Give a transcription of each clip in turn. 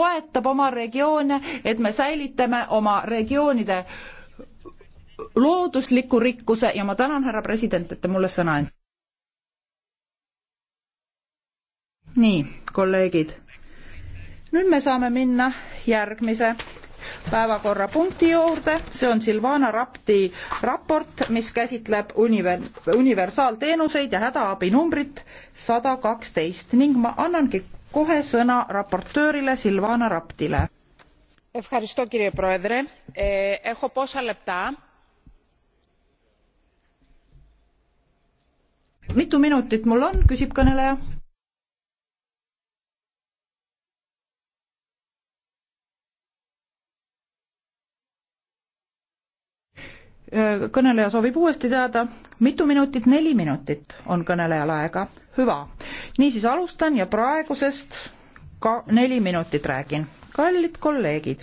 toetab oma regioone, et me säilitame oma regioonide loodusliku rikkuse ja ma tänan, härra president, et te mulle sõna andsite. nii, kolleegid, nüüd me saame minna järgmise päevakorrapunkti juurde, see on Silvana Rapti raport, mis käsitleb univer-, universaalteenuseid ja hädaabinumbrit sada kaksteist ning ma annangi kohe sõna raportöörile Silvana Raptile. E, mitu minutit mul on, küsib kõneleja kõneleja soovib uuesti teada, mitu minutit, neli minutit on kõnelejal aega, hüva. niisiis alustan ja praegusest ka neli minutit räägin. kallid kolleegid,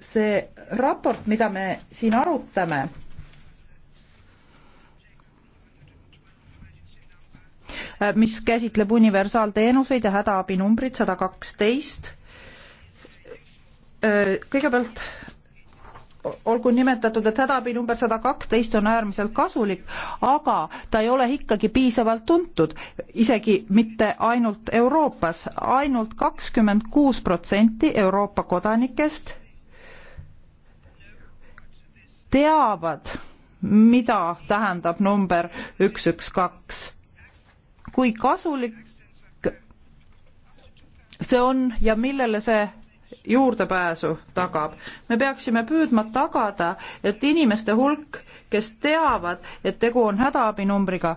see raport, mida me siin arutame, mis käsitleb universaalteenuseid ja hädaabinumbrit sada kaksteist, kõigepealt olgu nimetatud, et hädaabi number sada kaksteist on äärmiselt kasulik, aga ta ei ole ikkagi piisavalt tuntud, isegi mitte ainult Euroopas ainult, ainult kakskümmend kuus protsenti Euroopa kodanikest teavad, mida tähendab number üks, üks, kaks. kui kasulik see on ja millele see juurdepääsu tagab. me peaksime püüdma tagada, et inimeste hulk, kes teavad, et tegu on hädaabinumbriga,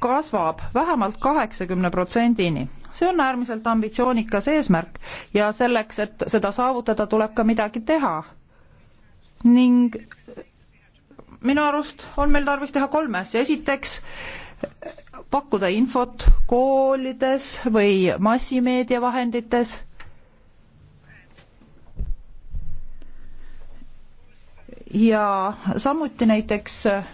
kasvab vähemalt kaheksakümne protsendini. see on äärmiselt ambitsioonikas eesmärk ja selleks, et seda saavutada, tuleb ka midagi teha. ning minu arust on meil tarvis teha kolme asja, esiteks pakkuda infot koolides või massimeediavahendites ja samuti näiteks äh,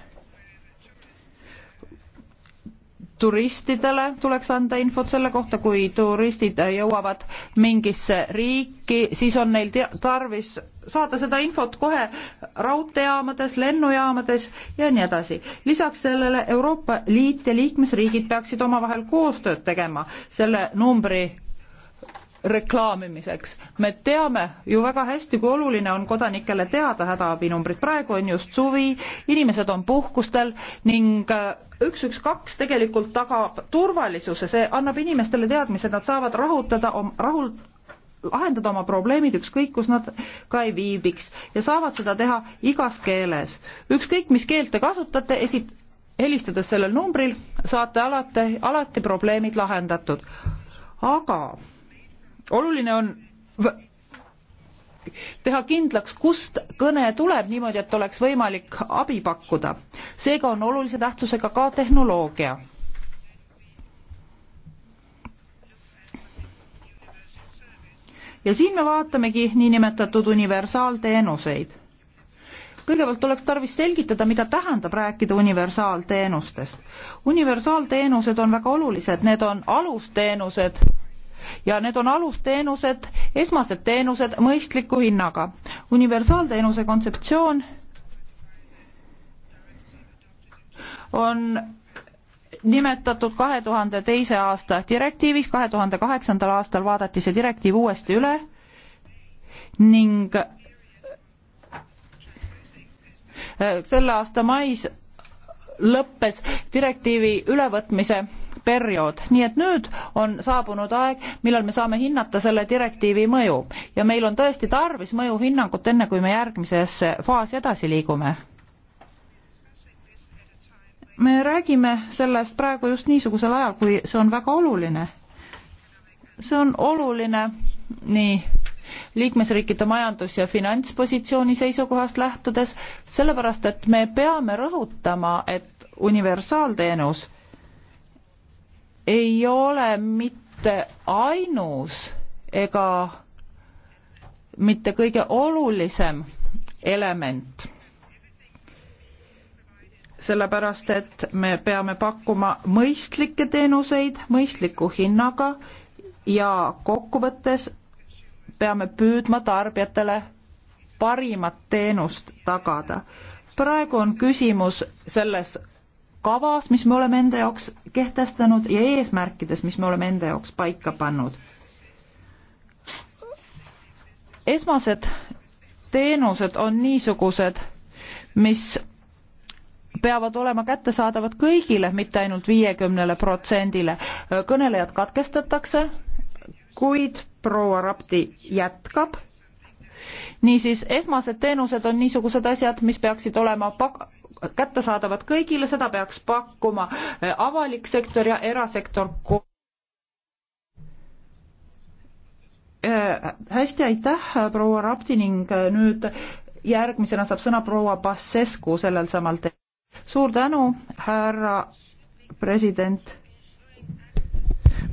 turistidele tuleks anda infot selle kohta, kui turistid jõuavad mingisse riiki, siis on neil tarvis saada seda infot kohe raudteejaamades, lennujaamades ja nii edasi. lisaks sellele Euroopa Liit ja liikmesriigid peaksid omavahel koostööd tegema selle numbri reklaamimiseks. me teame ju väga hästi, kui oluline on kodanikele teada hädaabinumbrit, praegu on just suvi, inimesed on puhkustel ning äh, üks, üks, kaks tegelikult tagab turvalisuse, see annab inimestele teadmise, nad saavad rahutada, rahul-, lahendada oma probleemid ükskõik, kus nad ka ei viibiks ja saavad seda teha igas keeles. ükskõik, mis keelt te kasutate, esit-, helistades sellel numbril saate alati, alati probleemid lahendatud. aga oluline on teha kindlaks, kust kõne tuleb niimoodi, et oleks võimalik abi pakkuda. seega on olulise tähtsusega ka tehnoloogia. ja siin me vaatamegi niinimetatud universaalteenuseid. kõigepealt oleks tarvis selgitada, mida tähendab rääkida universaalteenustest. universaalteenused on väga olulised, need on alusteenused ja need on alusteenused, esmased teenused mõistliku hinnaga. universaalteenuse kontseptsioon on nimetatud kahe tuhande teise aasta direktiiviks, kahe tuhande kaheksandal aastal vaadati see direktiiv uuesti üle ning äh, selle aasta mais lõppes direktiivi ülevõtmise periood, nii et nüüd on saabunud aeg, millal me saame hinnata selle direktiivi mõju ja meil on tõesti tarvis mõjuhinnangut, enne kui me järgmisesse faasi edasi liigume. me räägime sellest praegu just niisugusel ajal, kui see on väga oluline. see on oluline nii liikmesriikide majandus ja finantspositsiooni seisukohast lähtudes sellepärast et me peame rõhutama et universaalteenus ei ole mitte ainus ega mitte kõige olulisem element sellepärast et me peame pakkuma mõistlikke teenuseid mõistliku hinnaga ja kokkuvõttes peame püüdma tarbijatele parimat teenust tagada. praegu on küsimus selles, kavas, mis me oleme enda jaoks kehtestanud ja eesmärkides, mis me oleme enda jaoks paika pannud. esmased teenused on niisugused, mis peavad olema kättesaadavad kõigile, mitte ainult viiekümnele protsendile. kõnelejad katkestatakse, kuid proua Rapti jätkab niisiis esmased teenused on niisugused asjad mis peaksid olema pak- kättesaadavad kõigile, seda peaks pakkuma eh, avalik sektor ja erasektor. Eh, hästi, aitäh, proua Rapti ning eh, nüüd järgmisena saab sõna proua Bassescu sellel samal teemal. suur tänu, härra president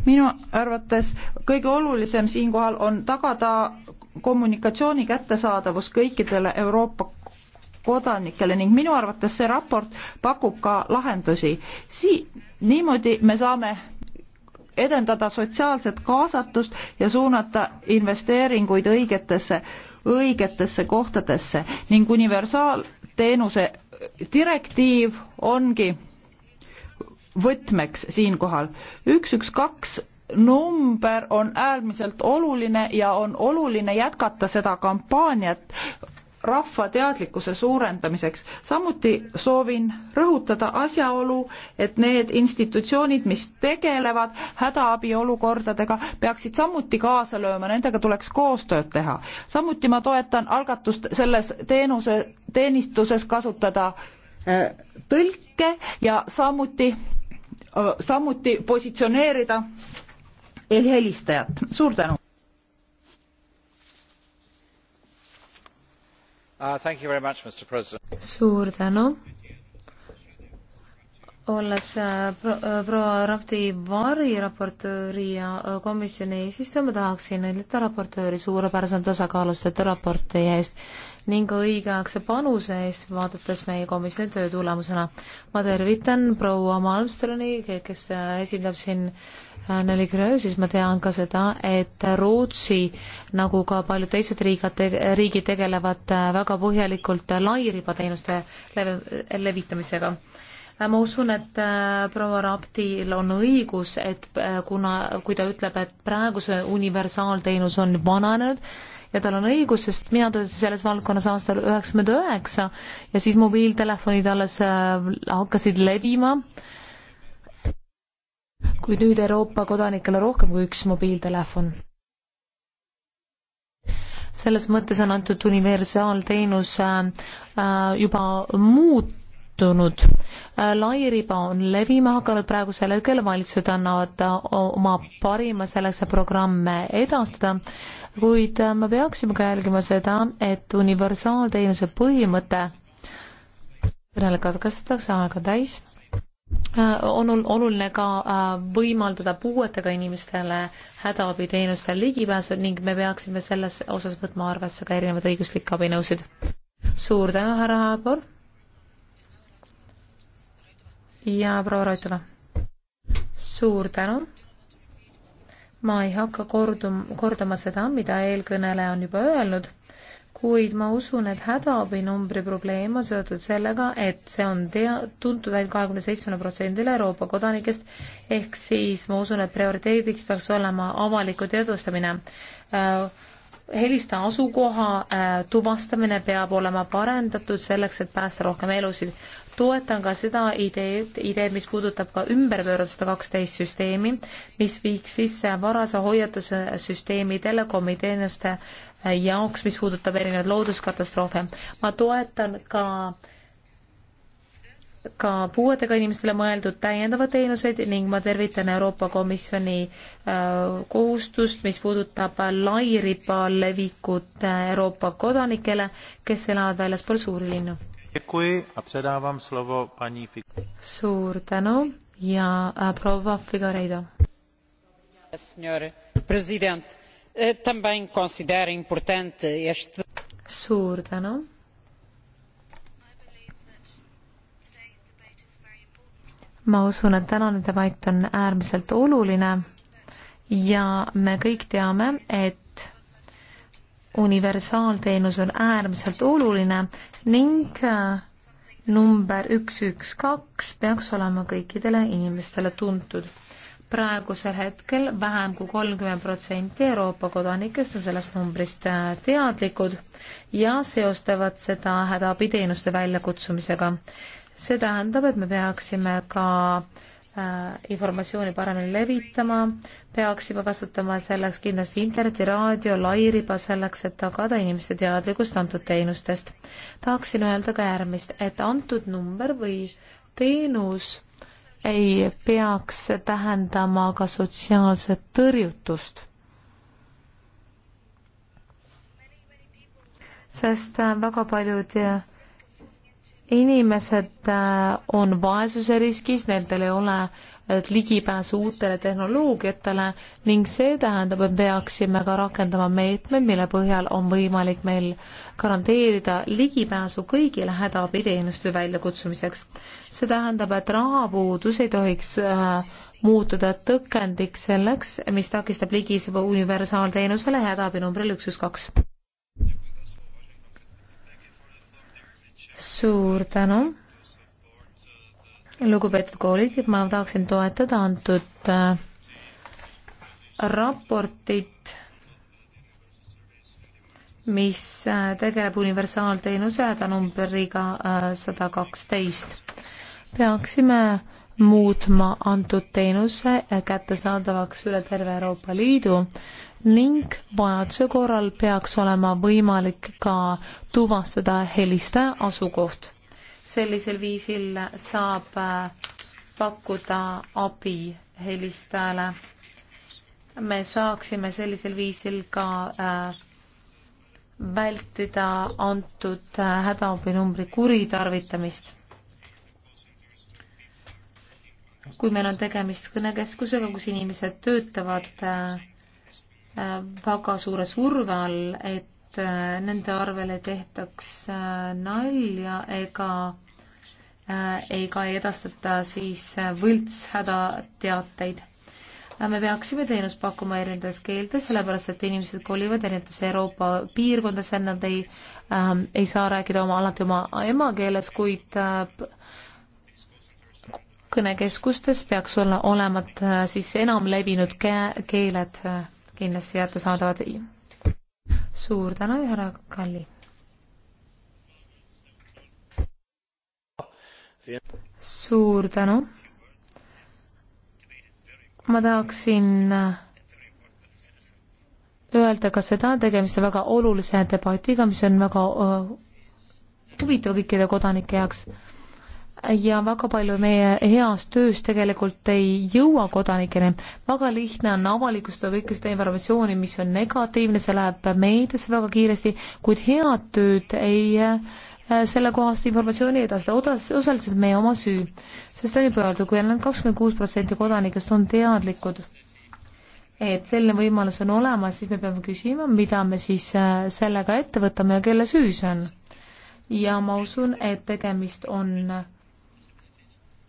minu arvates kõige olulisem siinkohal on tagada kommunikatsiooni kättesaadavus kõikidele Euroopa kodanikele ning minu arvates see raport pakub ka lahendusi. Sii-, niimoodi me saame edendada sotsiaalset kaasatust ja suunata investeeringuid õigetesse, õigetesse kohtadesse ning universaalteenuse direktiiv ongi võtmeks siinkohal. üks, üks, kaks number on äärmiselt oluline ja on oluline jätkata seda kampaaniat rahva teadlikkuse suurendamiseks. samuti soovin rõhutada asjaolu, et need institutsioonid, mis tegelevad hädaabiolukordadega, peaksid samuti kaasa lööma, nendega tuleks koostööd teha. samuti ma toetan algatust selles teenuse, teenistuses kasutada äh, tõlke ja samuti, äh, samuti positsioneerida helistajat. suur tänu! Uh, suur tänu olles äh, äh, proua Rapti variraportööri ja äh, komisjoni eesistuja, ma tahaksin õnnitleda raportööri suurepärase tasakaalustatud raporti eest ning õigeaegse panuse eest, vaadates meie komisjoni töö tulemusena. ma tervitan proua Malmstroni, kes esindab siin Nelli Gröö, siis ma tean ka seda, et Rootsi, nagu ka paljud teised riigad, riigid tegelevad väga põhjalikult lairibateenuste lev levitamisega lev Äh, ma usun, et äh, proua Raptil on õigus, et äh, kuna, kui ta ütleb, et praegu see universaalteenus on vananenud, ja tal on õigus, sest mina töötasin selles valdkonnas aastal üheksakümmend üheksa ja siis mobiiltelefonid alles hakkasid levima. kui nüüd Euroopa kodanikel on rohkem kui üks mobiiltelefon. selles mõttes on antud universaalteenus juba muut-, muutunud. Äh, lairiba on levima hakanud praegusel hetkel, valitsused annavad äh, oma parima selleks, et programme edastada, kuid äh, me peaksime ka jälgima seda, et universaalteenuse põhimõte, millele katkestatakse aega täis, on oluline ka võimaldada puuetega inimestele hädaabiteenustel ligipääsu ning me peaksime selles osas võtma arvesse ka erinevaid õiguslikke abinõusid. suur tänu, härra Haabor! ja proua Roitova. suur tänu. ma ei hakka kordum-, kordama seda, mida eelkõneleja on juba öelnud, kuid ma usun, et hädaabinumbri probleem on seotud sellega, et see on tea-, tuntud ainult kahekümne seitsmele protsendile Euroopa kodanikest, ehk siis ma usun, et prioriteediks peaks olema avaliku teadvustamine äh, heliste asukoha äh, tuvastamine peab olema parendatud selleks, et päästa rohkem elusid. toetan ka seda ideed, ideed, mis puudutab ka ümberpööratud sada kaksteist süsteemi, mis viiks sisse varase hoiatuse süsteemi telekomiteenuste äh, jaoks, mis puudutab erinevaid looduskatastroofe. ma toetan ka äh, ka puuetega inimestele mõeldud täiendavad teenused ning ma tervitan Euroopa Komisjoni äh, kohustust, mis puudutab lairiba levikut äh, Euroopa kodanikele, kes elavad väljaspool suuri linnu. suur tänu ja äh, proua Figueiredo. Eh, suur tänu ma usun, et tänane debatt on äärmiselt oluline ja me kõik teame, et universaalteenus on äärmiselt oluline ning äh, number üks, üks, kaks peaks olema kõikidele inimestele tuntud. praegusel hetkel vähem kui kolmkümmend protsenti Euroopa kodanikest on sellest numbrist äh, teadlikud ja seostavad seda hädaabiteenuste väljakutsumisega see tähendab, et me peaksime ka äh, informatsiooni paremini levitama, peaksime kasutama selleks kindlasti interneti, raadio, lairiba selleks, et tagada inimeste teadlikkust antud teenustest. tahaksin öelda ka järgmist, et antud number või teenus ei peaks tähendama ka sotsiaalset tõrjutust. sest äh, väga paljud äh, inimesed äh, on vaesuseriskis, nendel ei ole ligipääsu uutele tehnoloogiatele ning see tähendab, et peaksime ka rakendama meetmeid, mille põhjal on võimalik meil garanteerida ligipääsu kõigile hädaabiteenuste väljakutsumiseks. see tähendab, et rahapuudus ei tohiks äh, muutuda tõkendiks selleks, mis takistab ligis universaalteenusele hädaabi numbril üks, üks, kaks suur tänu, lugupeetud kolleegid, ma tahaksin toetada antud äh, raportit, mis äh, tegeleb universaalteenuse hädanumbriga äh, sada kaksteist. peaksime muutma antud teenuse kättesaadavaks üle terve Euroopa Liidu ning vajaduse korral peaks olema võimalik ka tuvastada helistaja asukoht. sellisel viisil saab äh, pakkuda abi helistajale. me saaksime sellisel viisil ka äh, vältida antud äh, hädaabinumbri kuritarvitamist. kui meil on tegemist kõnekeskusega, kus inimesed töötavad äh, väga suure surve all, et äh, nende arvele tehtaks äh, nalja ega äh, ega ei edastata siis võltshädateateid. me peaksime teenust pakkuma erinevates keeltes, sellepärast et inimesed kolivad erinevatesse Euroopa piirkondadesse, nad ei ähm,, ei saa rääkida oma, alati oma emakeeles, kuid äh, kõnekeskustes peaks olla olemas äh, siis enam levinud ke keeled äh, kindlasti kättesaadavad. suur tänu, härra Kalli. suur tänu. ma tahaksin äh, öelda ka seda, tegemist on väga olulise debatiga, mis on väga äh, huvitav kõikide kodanike jaoks ja väga palju meie heast tööst tegelikult ei jõua kodanikeni. väga lihtne on avalikustada kõike seda informatsiooni, mis on negatiivne, see läheb meediasse väga kiiresti, kuid head tööd ei äh, sellekohast informatsiooni edastada, odas, osaliselt meie oma süü. sest on juba öeldud, kui ainult kakskümmend kuus protsenti kodanikest on teadlikud, et selline võimalus on olemas, siis me peame küsima, mida me siis äh, sellega ette võtame ja kelle süü see on. ja ma usun, et tegemist on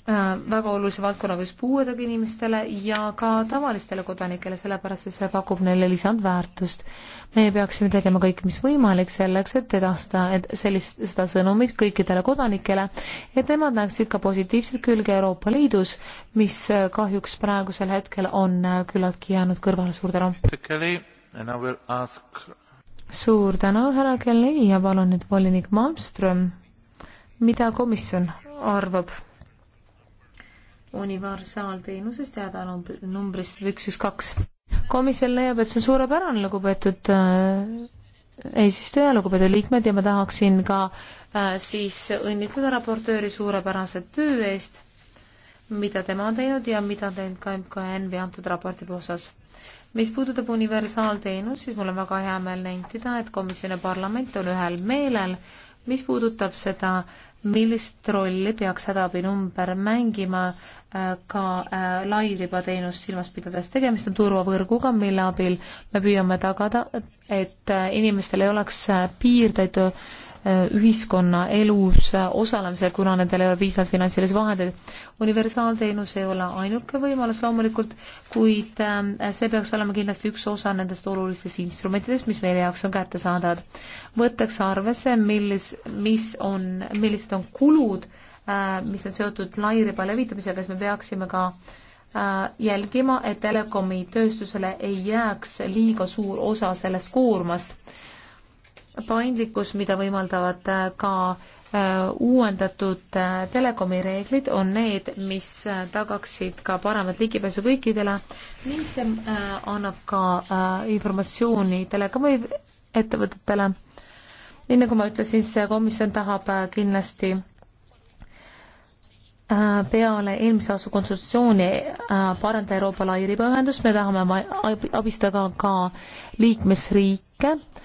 Äh, väga olulise valdkonnaga just puuetega inimestele ja ka tavalistele kodanikele, sellepärast et see pakub neile lisandväärtust. meie peaksime tegema kõik, mis võimalik selleks, et edastada et sellist, seda sõnumit kõikidele kodanikele, et nemad näeksid ka positiivset külge Euroopa Liidus, mis äh, kahjuks praegusel hetkel on äh, küllaltki jäänud kõrvale, suur tänu! suur tänu, härra Kelly ja palun nüüd volinik Malmström, mida komisjon arvab? universaalteenusest hädanumbrist üks, üks, kaks. komisjon leiab, et see on suurepärane, lugupeetud äh, eesistuja, lugupeetud liikmed ja ma tahaksin ka äh, siis õnnitleda raportööri suurepärase töö eest, mida tema on teinud ja mida on teinud ka MKNV antud raporti osas. mis puudutab universaalteenust, siis mul on väga hea meel nentida, et komisjon ja parlament on ühel meelel, mis puudutab seda millist rolli peaks hädaabi number mängima äh, ka äh, lairibateenust silmas pidades. tegemist on turvavõrguga, mille abil me püüame tagada, et äh, inimestel ei oleks piirdeid Äh, ühiskonnaelus osalemisele, kuna nendel ei ole piisavalt finantsilisi vahendeid. universaalteenus ei ole ainuke võimalus loomulikult, kuid äh, see peaks olema kindlasti üks osa nendest olulistest instrumentidest, mis meie jaoks on kättesaadavad. võtaks arvesse, millis, mis on, millised on kulud, äh, mis on seotud lairiba levitamisega, siis me peaksime ka jälgima, et telekomi tööstusele ei jääks liiga suur osa sellest koormast paindlikkus, mida võimaldavad äh, ka äh, uuendatud äh, telekomi reeglid on need, mis tagaksid ka paremat ligipääsu kõikidele ning see annab ka informatsiooni telekomi ettevõtetele. nii nagu ma ütlesin, see komisjon tahab kindlasti peale eelmise aasta konsultatsiooni parandada Euroopa lairibaühendust, me tahame abistada ka liikmesriike äh,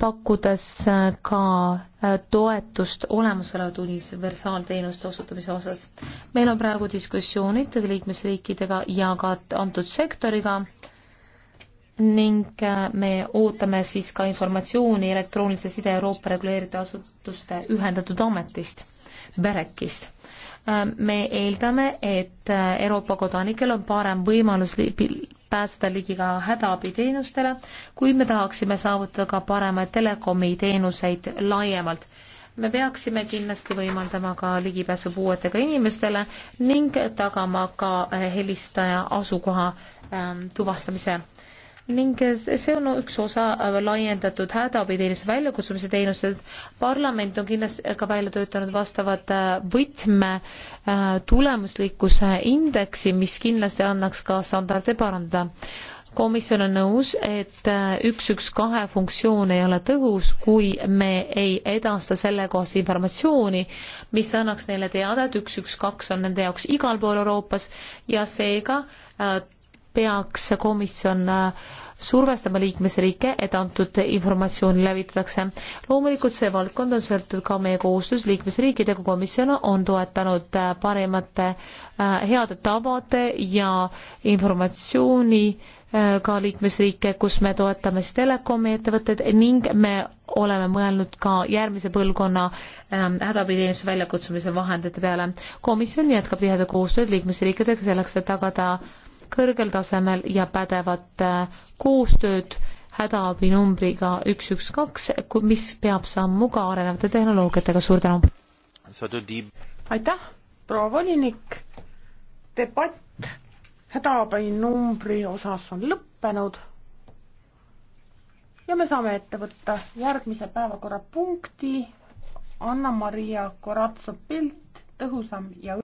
pakkudes äh, ka äh, toetust olemasolevate universaalteenuste osutamise osas. meil on praegu diskussioonid liikmesriikidega ja ka antud sektoriga ning äh, me ootame siis ka informatsiooni elektroonilise side Euroopa reguleerida asutuste ühendatud ametist, BEREC-ist. me eeldame, et Euroopa kodanikel on parem võimalus pääseda ligi ka hädaabiteenustele, kuid me tahaksime saavutada ka paremaid telekomi teenuseid laiemalt. me peaksime kindlasti võimaldama ka ligipääsu puuetega inimestele ning tagama ka helistaja asukoha ähm, tuvastamise ning see on üks osa äh, laiendatud hädaabiteenuse väljakutsumise teenuses. parlament on kindlasti ka välja töötanud vastavad äh, võtme äh, tulemuslikkuse indeksi, mis kindlasti annaks ka standarde parandada komisjon on nõus, et üks, üks, kahe funktsioon ei ole tõhus, kui me ei edasta sellekohast informatsiooni, mis annaks neile teada, et üks, üks, kaks on nende jaoks igal pool Euroopas ja seega peaks komisjon äh, survestama liikmesriike, et antud informatsiooni levitatakse. loomulikult see valdkond on seotud ka meie kohustus liikmesriikidega, komisjon on toetanud äh, paremate äh, heade tavade ja informatsiooni ka liikmesriike, kus me toetame siis telekomi ettevõtteid ning me oleme mõelnud ka järgmise põlvkonna ähm, hädaabiteenistuse väljakutsumise vahendite peale. komisjon jätkab tihedat koostööd liikmesriikidega selleks, et tagada äh, kõrgel tasemel ja pädevat äh, koostööd hädaabinumbriga üks, üks, kaks, mis peab sammu ka arenevate tehnoloogiatega, suur tänu! aitäh, proua volinik, debatt hädaabinumbri osas on lõppenud ja me saame ette võtta järgmise päevakorrapunkti Anna-Maria Koratso-Pilt, tõhusam ja